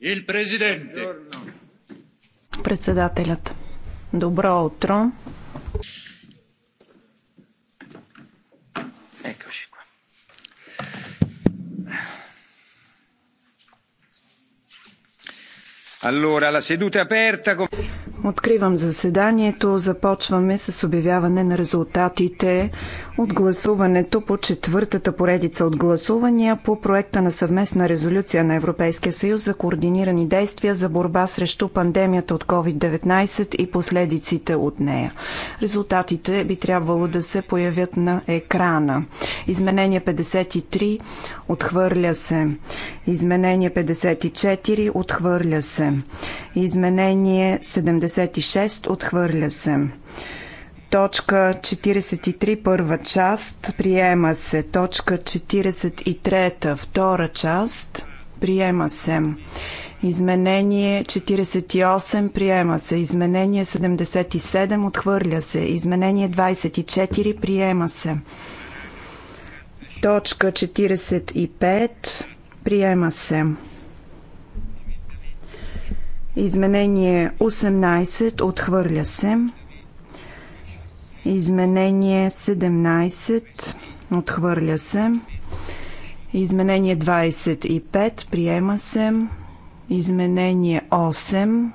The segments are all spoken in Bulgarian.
Il presidente. Председателят. Добро утро. Eccoci qua. Allora, la seduta è aperta. Откривам заседанието. Започваме с обявяване на резултатите от гласуването по четвъртата поредица от гласувания по проекта на съвместна резолюция на Европейския съюз за координирани действия за борба срещу пандемията от COVID-19 и последиците от нея. Резултатите би трябвало да се появят на екрана. Изменение 53 отхвърля се. Изменение 54 отхвърля се. Изменение 70 56 отхвърля се. Точка 43 първа част приема се. Точка 43 втора част приема се. Изменение 48 приема се. Изменение 77 отхвърля се. Изменение 24 приема се. Точка 45 приема се. Изменение 18 отхвърля се. Изменение 17 отхвърля се. Изменение 25 приема се. Изменение 8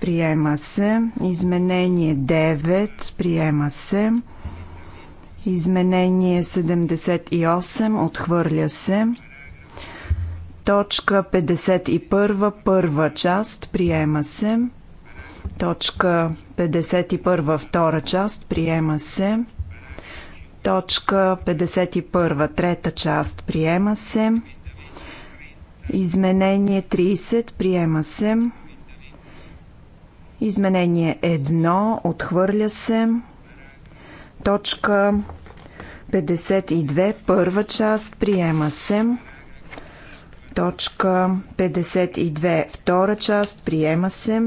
приема се. Изменение 9 приема се. Изменение 78 отхвърля се. Точка 51, първа част, приема се. Точка 51, втора част, приема се. Точка 51, трета част, приема се. Изменение 30, приема се. Изменение 1, отхвърля се. Точка 52, първа част, приема се. Точка 52. Втора част. Приема се.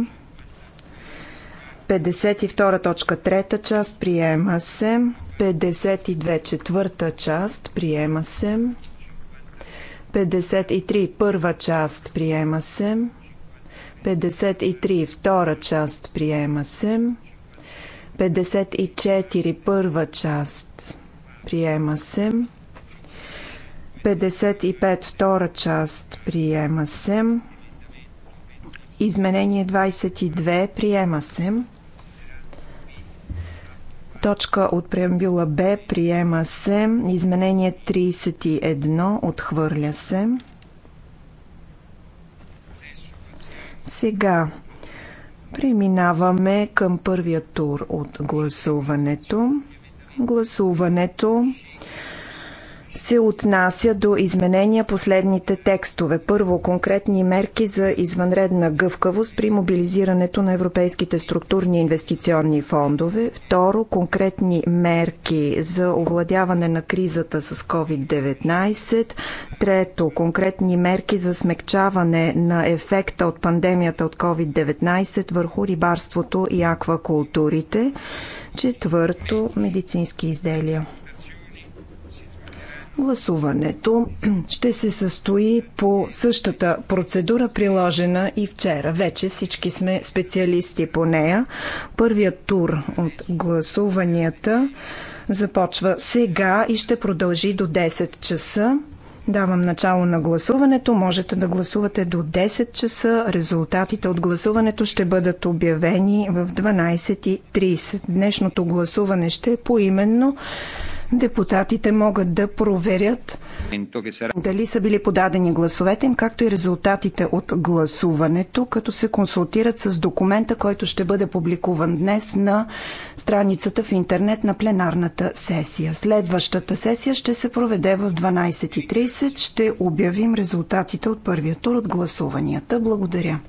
52 точка трета част приема се. 52 четвърта част приема се. 53 първа част приема се. 53 втора част приема се. 54 първа част приема се. 55 втора част приема се. Изменение 22 приема се. Точка от преамбюла Б приема се. Изменение 31 отхвърля се. Сега преминаваме към първия тур от гласуването. Гласуването се отнася до изменения последните текстове. Първо, конкретни мерки за извънредна гъвкавост при мобилизирането на европейските структурни инвестиционни фондове. Второ, конкретни мерки за овладяване на кризата с COVID-19. Трето, конкретни мерки за смекчаване на ефекта от пандемията от COVID-19 върху рибарството и аквакултурите. Четвърто, медицински изделия. Гласуването ще се състои по същата процедура, приложена и вчера. Вече всички сме специалисти по нея. Първият тур от гласуванията започва сега и ще продължи до 10 часа. Давам начало на гласуването. Можете да гласувате до 10 часа. Резултатите от гласуването ще бъдат обявени в 12.30. Днешното гласуване ще е поименно. Депутатите могат да проверят дали са били подадени гласовете им, както и резултатите от гласуването, като се консултират с документа, който ще бъде публикуван днес на страницата в интернет на пленарната сесия. Следващата сесия ще се проведе в 12.30. Ще обявим резултатите от първия тур от гласуванията. Благодаря.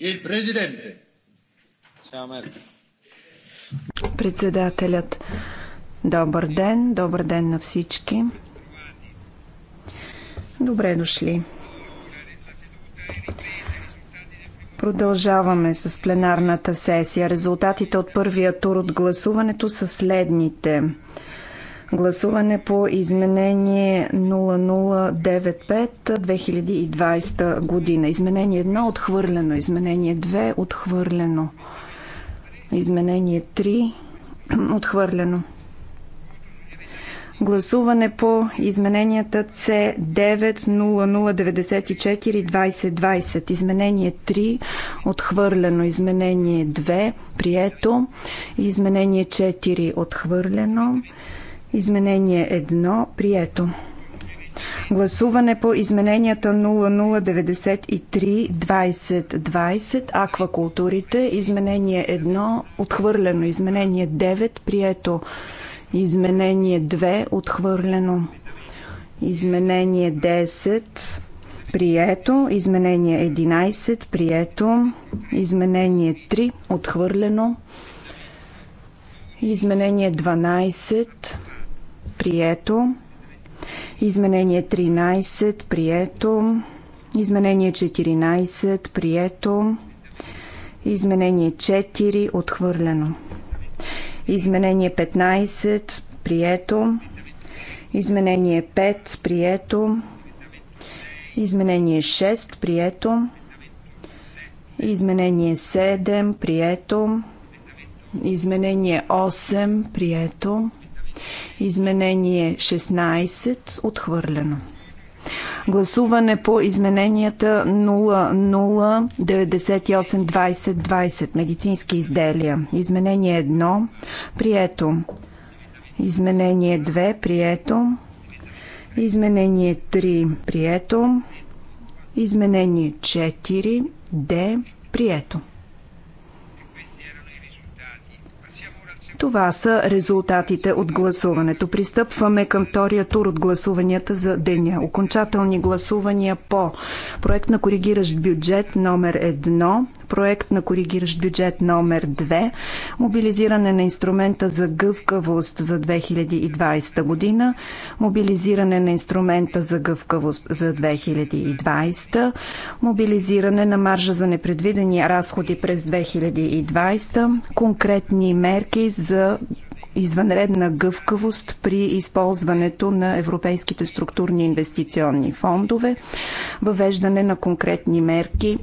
Il Presidente. Ciao, Председателят. Добър ден, добър ден на всички. Добре дошли. Продължаваме с пленарната сесия. Резултатите от първия тур от гласуването са следните. Гласуване по изменение 0095 2020 година. Изменение 1 отхвърлено. Изменение 2 отхвърлено. Изменение 3 отхвърлено. Гласуване по измененията C90094-2020. Изменение 3 отхвърлено. Изменение 2 прието. Изменение 4 отхвърлено. Изменение 1 прието. Гласуване по измененията 0093-2020 Аквакултурите. Изменение 1 отхвърлено. Изменение 9 прието. Изменение 2 отхвърлено. Изменение 10 прието. Изменение 11 прието. Изменение 3 отхвърлено. Изменение 12 Прието. Изменение 13. Прието. Изменение 14. Прието. Изменение 4. Отхвърлено. Изменение 15. Прието. Изменение 5. Прието. Изменение 6. Прието. Изменение 7. Прието. Изменение 8. Прието. Изменение 16 отхвърлено. Гласуване по измененията 00982020 медицински изделия. Изменение 1 прието. Изменение 2 прието. Изменение 3 прието. Изменение 4 Д прието. Това са резултатите от гласуването. Пристъпваме към втория тур от гласуванията за деня. Окончателни гласувания по проект на коригиращ бюджет номер едно проект на коригиращ бюджет номер 2, мобилизиране на инструмента за гъвкавост за 2020 година, мобилизиране на инструмента за гъвкавост за 2020, мобилизиране на маржа за непредвидени разходи през 2020, конкретни мерки за извънредна гъвкавост при използването на европейските структурни инвестиционни фондове, въвеждане на конкретни мерки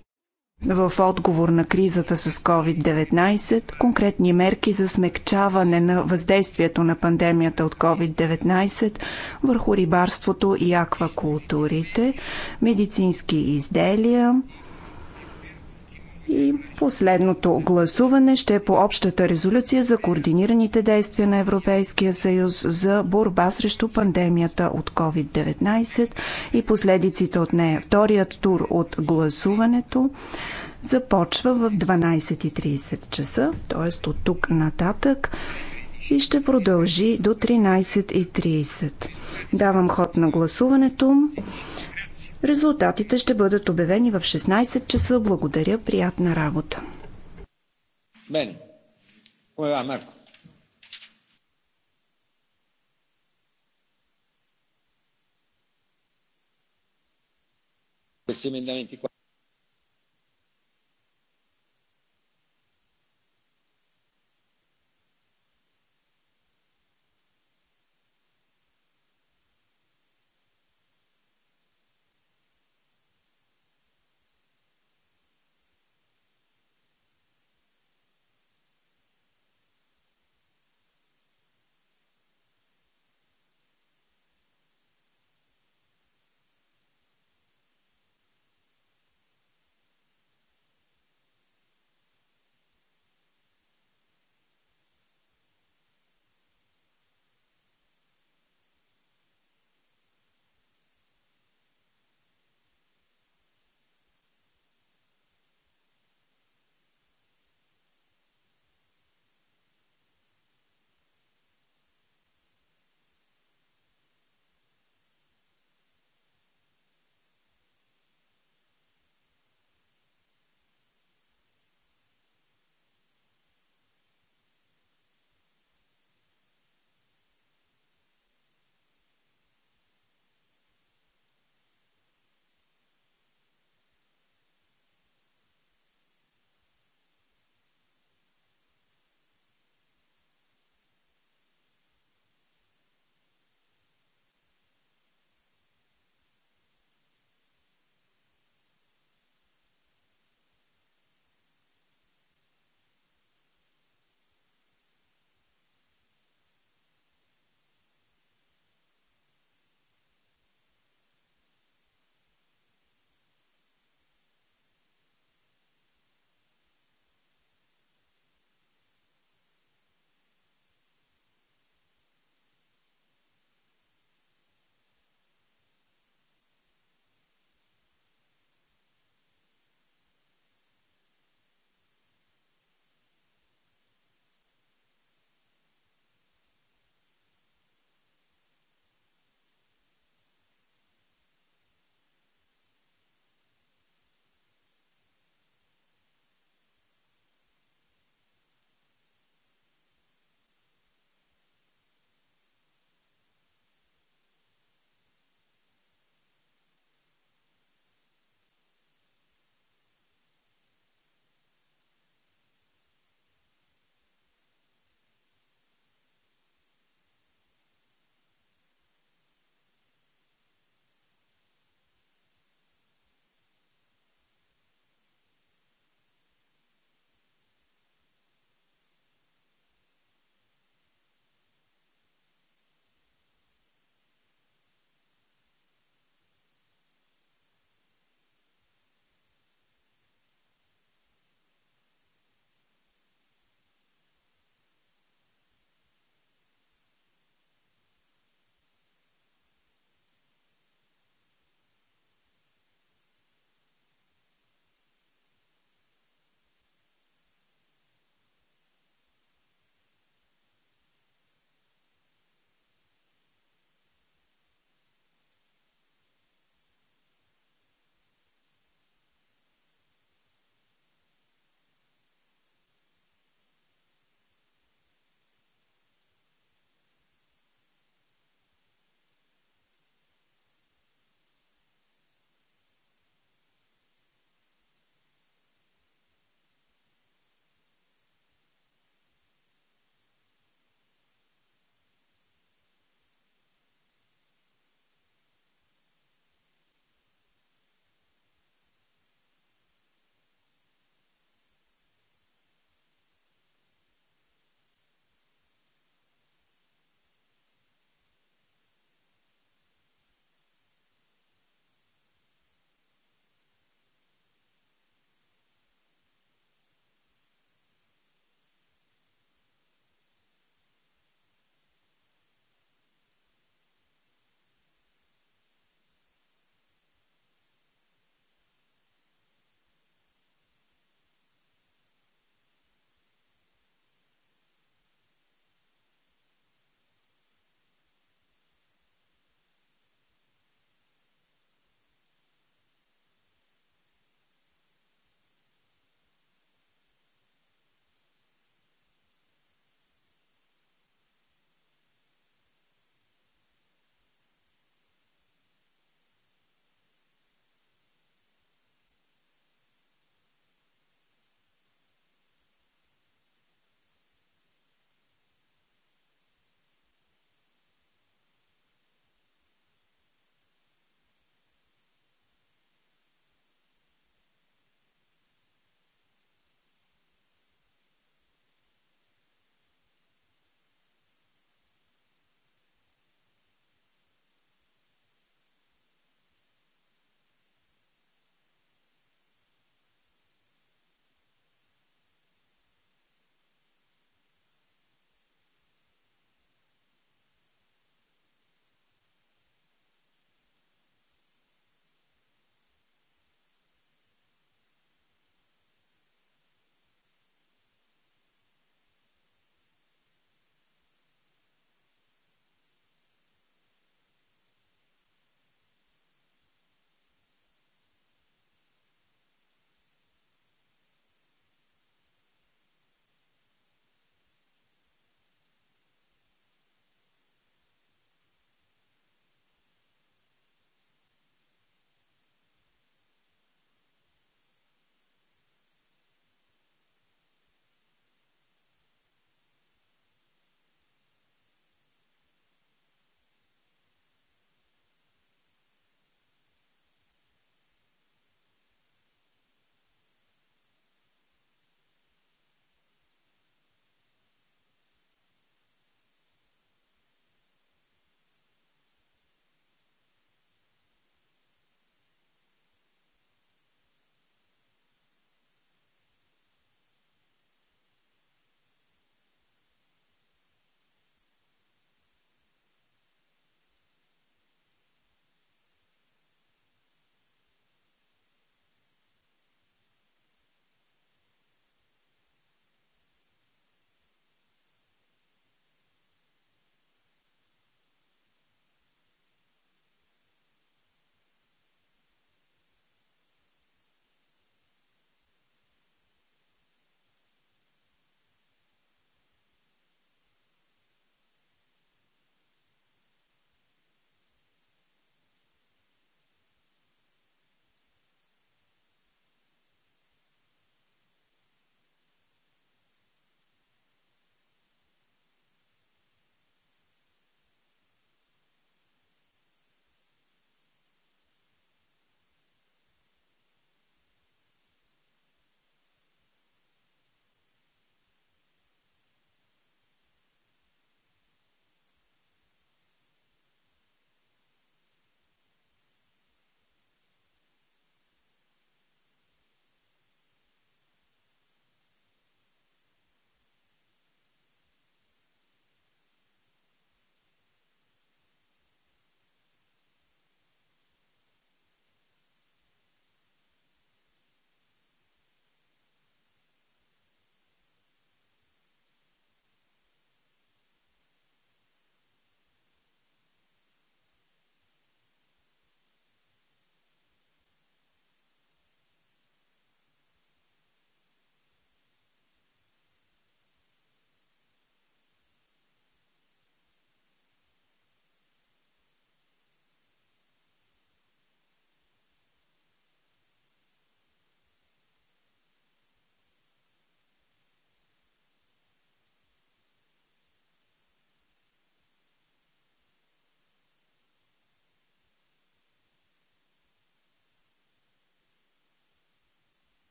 в отговор на кризата с COVID-19, конкретни мерки за смекчаване на въздействието на пандемията от COVID-19 върху рибарството и аквакултурите, медицински изделия, и последното гласуване ще е по общата резолюция за координираните действия на Европейския съюз за борба срещу пандемията от COVID-19 и последиците от нея. Вторият тур от гласуването започва в 12.30 часа, т.е. от тук нататък и ще продължи до 13.30. Давам ход на гласуването. Резултатите ще бъдат обявени в 16 часа. Благодаря, приятна работа. Bene. Come va Марко? Questi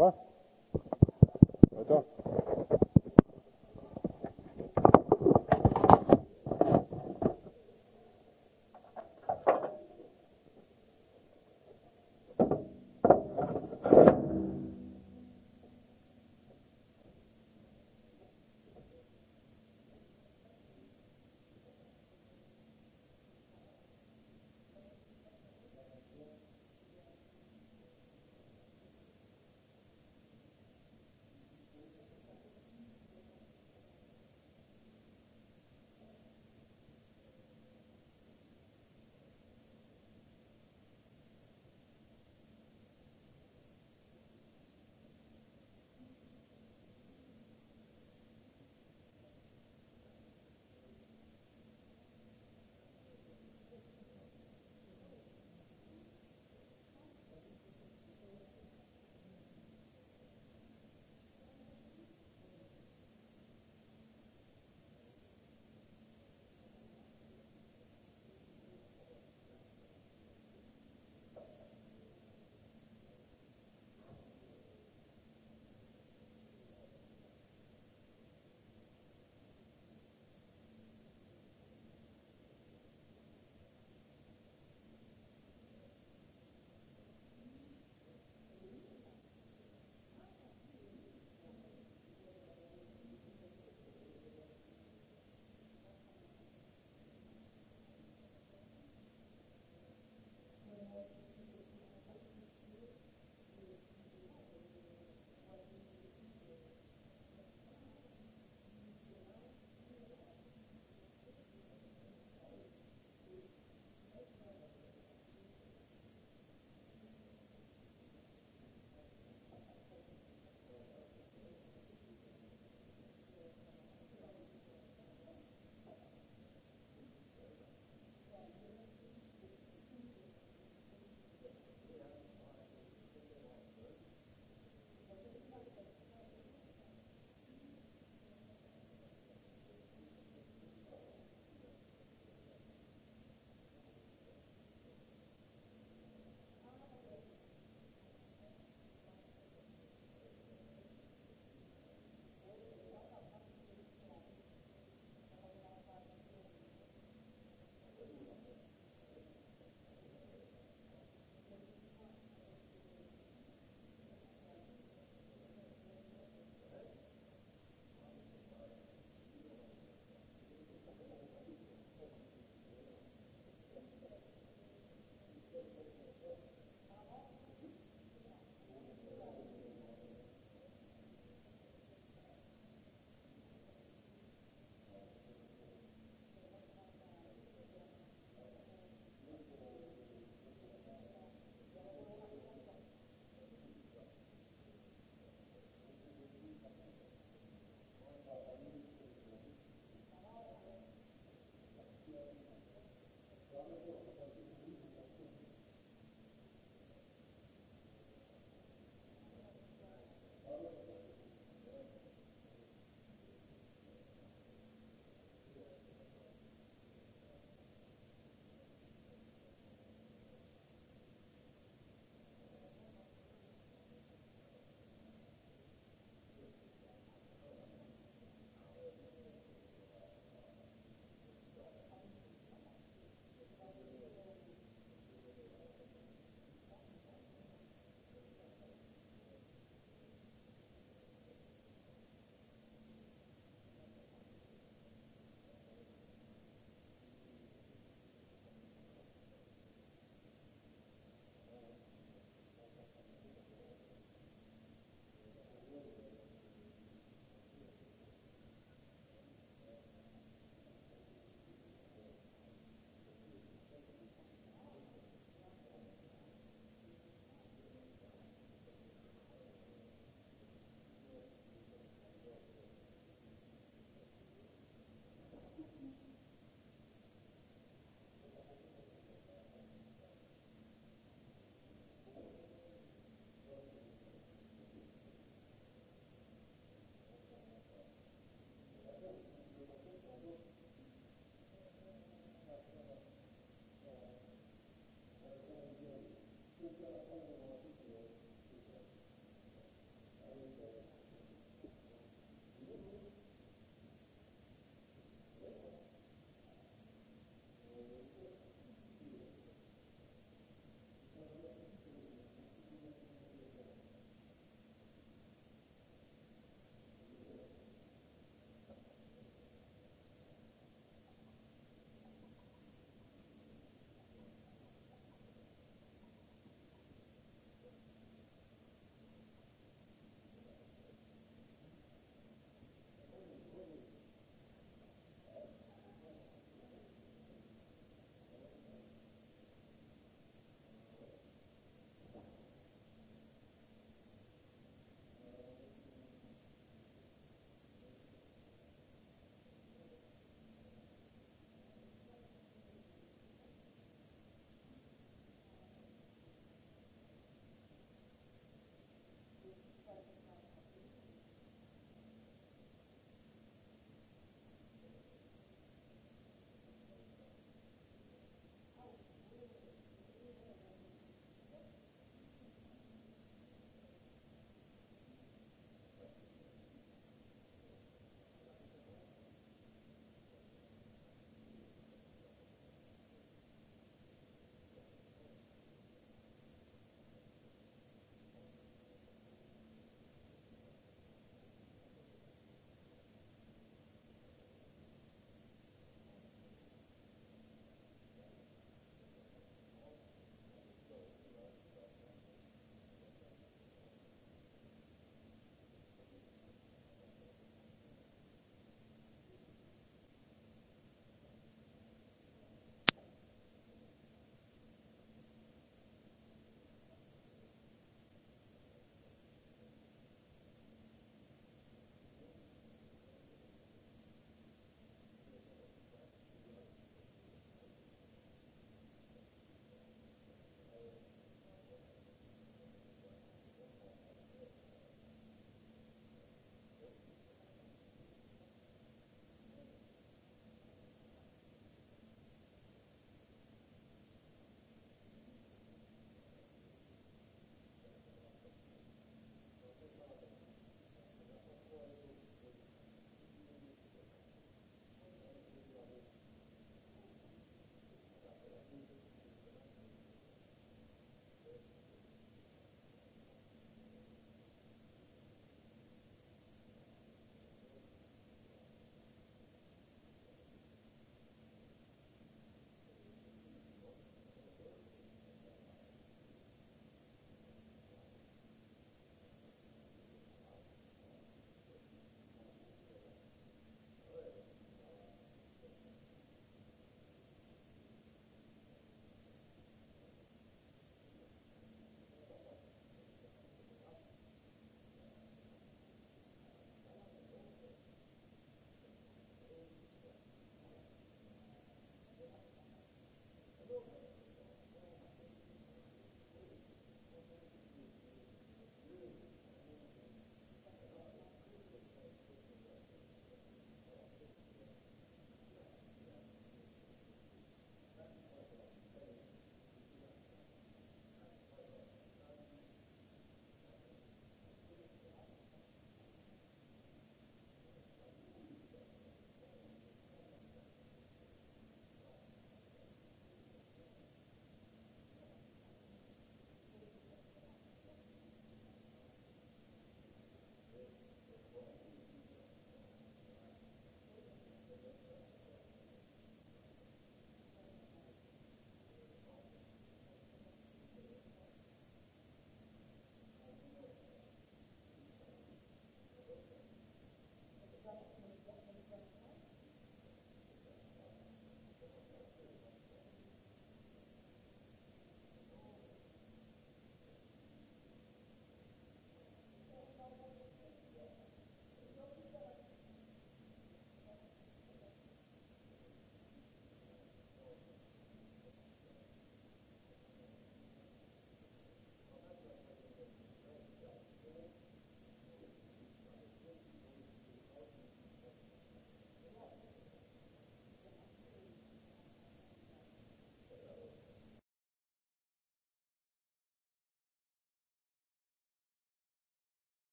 va? Готов?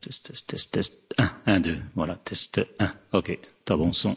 test test test test un un deux voilà test un ok t'as bon son.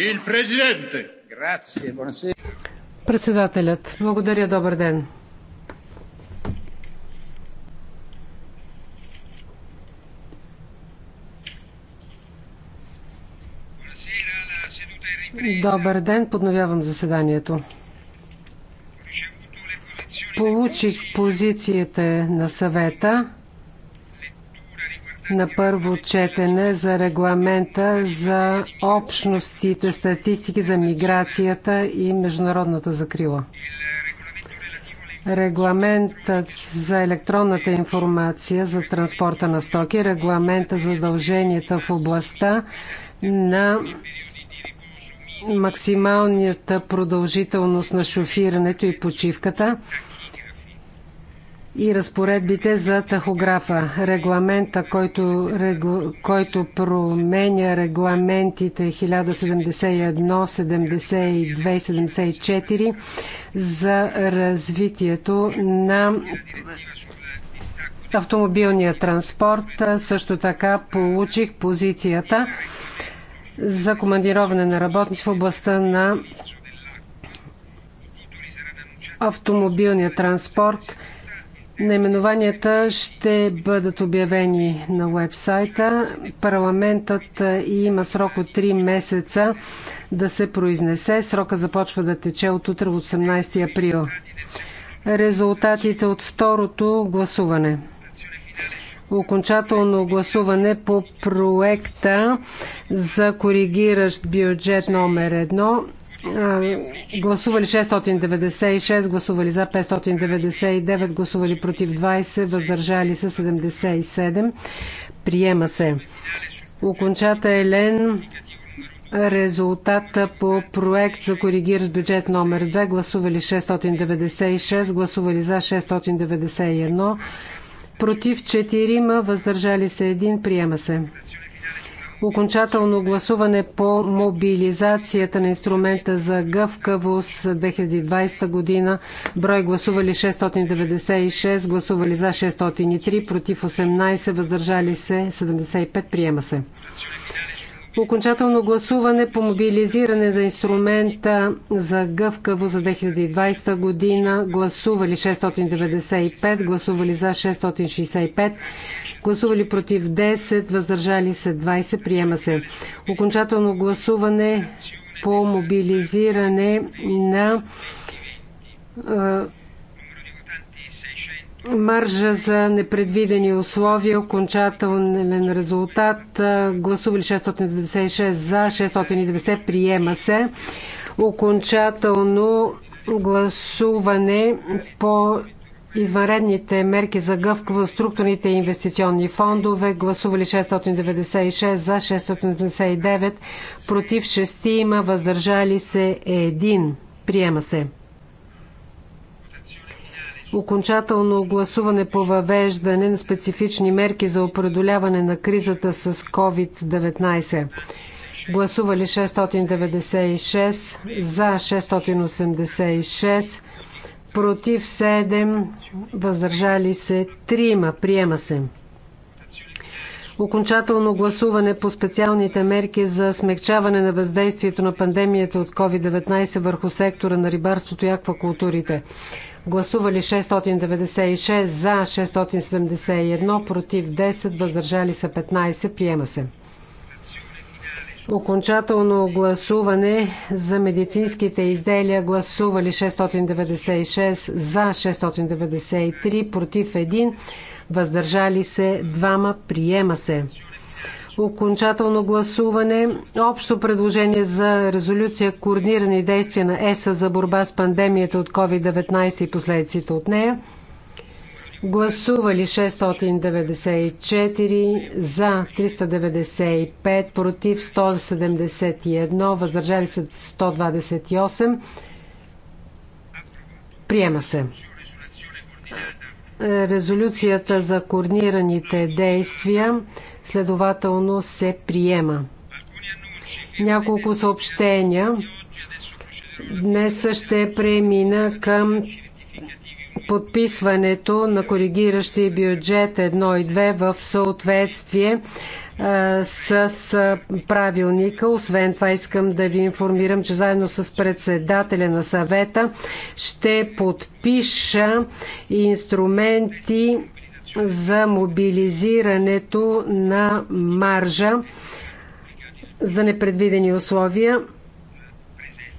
Il presidente. Grazie, buonasera. Председателят. Благодаря, добър ден. Добър ден, подновявам заседанието. Получих позицията на съвета на първо четене за регламента за общностите статистики за миграцията и международната закрила. Регламентът за електронната информация за транспорта на стоки, регламента за задълженията в областта на максималната продължителност на шофирането и почивката, и разпоредбите за тахографа. Регламента, който, регу, който променя регламентите 1071, 72 74 за развитието на автомобилния транспорт. Също така получих позицията за командироване на работници в областта на автомобилния транспорт – Наименованията ще бъдат обявени на вебсайта. Парламентът е, има срок от 3 месеца да се произнесе. Срока започва да тече от утре 18 април. Резултатите от второто гласуване. Окончателно гласуване по проекта за коригиращ бюджет номер 1 гласували 696, гласували за 599, гласували против 20, въздържали се 77. Приема се. Окончателен Резултата по проект за с бюджет номер 2. Гласували 696, гласували за 691, против 4, въздържали се 1. Приема се окончателно гласуване по мобилизацията на инструмента за гъвкавост 2020 година. Брой гласували 696, гласували за 603, против 18, въздържали се 75. Приема се окончателно гласуване по мобилизиране на инструмента за гъвкаво за 2020 година гласували 695, гласували за 665, гласували против 10, въздържали се 20, приема се. Окончателно гласуване по мобилизиране на маржа за непредвидени условия, окончателен резултат. Гласували 696 за, 690 приема се. Окончателно гласуване по извънредните мерки за гъвкава структурните инвестиционни фондове. Гласували 696 за, 699 против 6 има, въздържали се 1. Приема се окончателно гласуване по въвеждане на специфични мерки за определяване на кризата с COVID-19. Гласували 696, за 686, против 7, въздържали се 3. Приема се. Окончателно гласуване по специалните мерки за смягчаване на въздействието на пандемията от COVID-19 върху сектора на рибарството и аквакултурите. Гласували 696 за 671, против 10, въздържали са 15, приема се. Окончателно гласуване за медицинските изделия гласували 696 за 693, против 1, въздържали се 2, приема се окончателно гласуване. Общо предложение за резолюция Координирани действия на ЕСА за борба с пандемията от COVID-19 и последиците от нея. Гласували 694, за 395, против 171, въздържали се 128. Приема се. Резолюцията за координираните действия следователно се приема. Няколко съобщения. Днес ще премина към подписването на коригиращи бюджет 1 и 2 в съответствие с правилника. Освен това искам да ви информирам, че заедно с председателя на съвета ще подпиша инструменти за мобилизирането на маржа за непредвидени условия.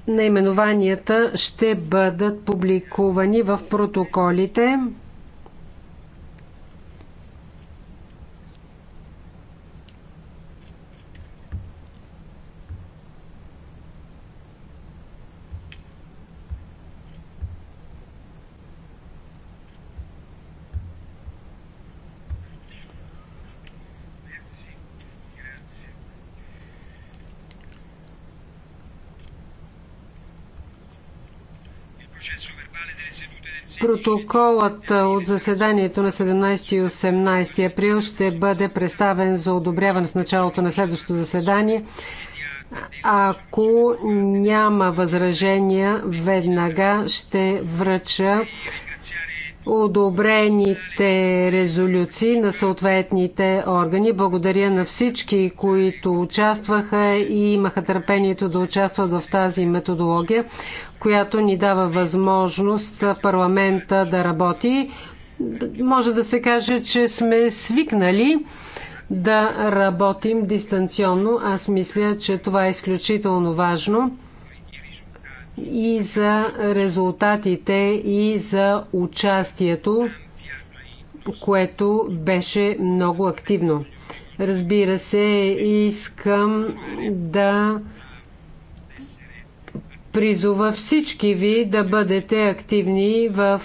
Наименованията ще бъдат публикувани в протоколите. Протоколът от заседанието на 17 и 18 април ще бъде представен за одобряване в началото на следващото заседание. Ако няма възражения, веднага ще връча одобрените резолюции на съответните органи. Благодаря на всички, които участваха и имаха търпението да участват в тази методология, която ни дава възможност парламента да работи. Може да се каже, че сме свикнали да работим дистанционно. Аз мисля, че това е изключително важно и за резултатите и за участието, което беше много активно. Разбира се, искам да призова всички ви да бъдете активни в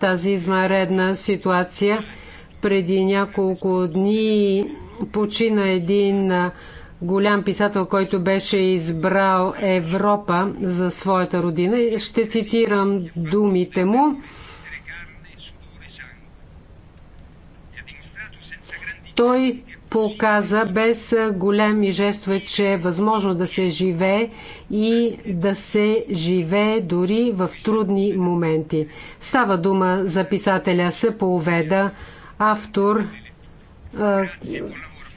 тази измаредна ситуация. Преди няколко дни почина един голям писател, който беше избрал Европа за своята родина. Ще цитирам думите му. Той показа без големи жестове, че е възможно да се живее и да се живее дори в трудни моменти. Става дума за писателя Съполведа, автор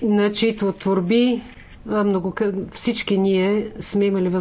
на чието творби много, всички ние сме имали възможност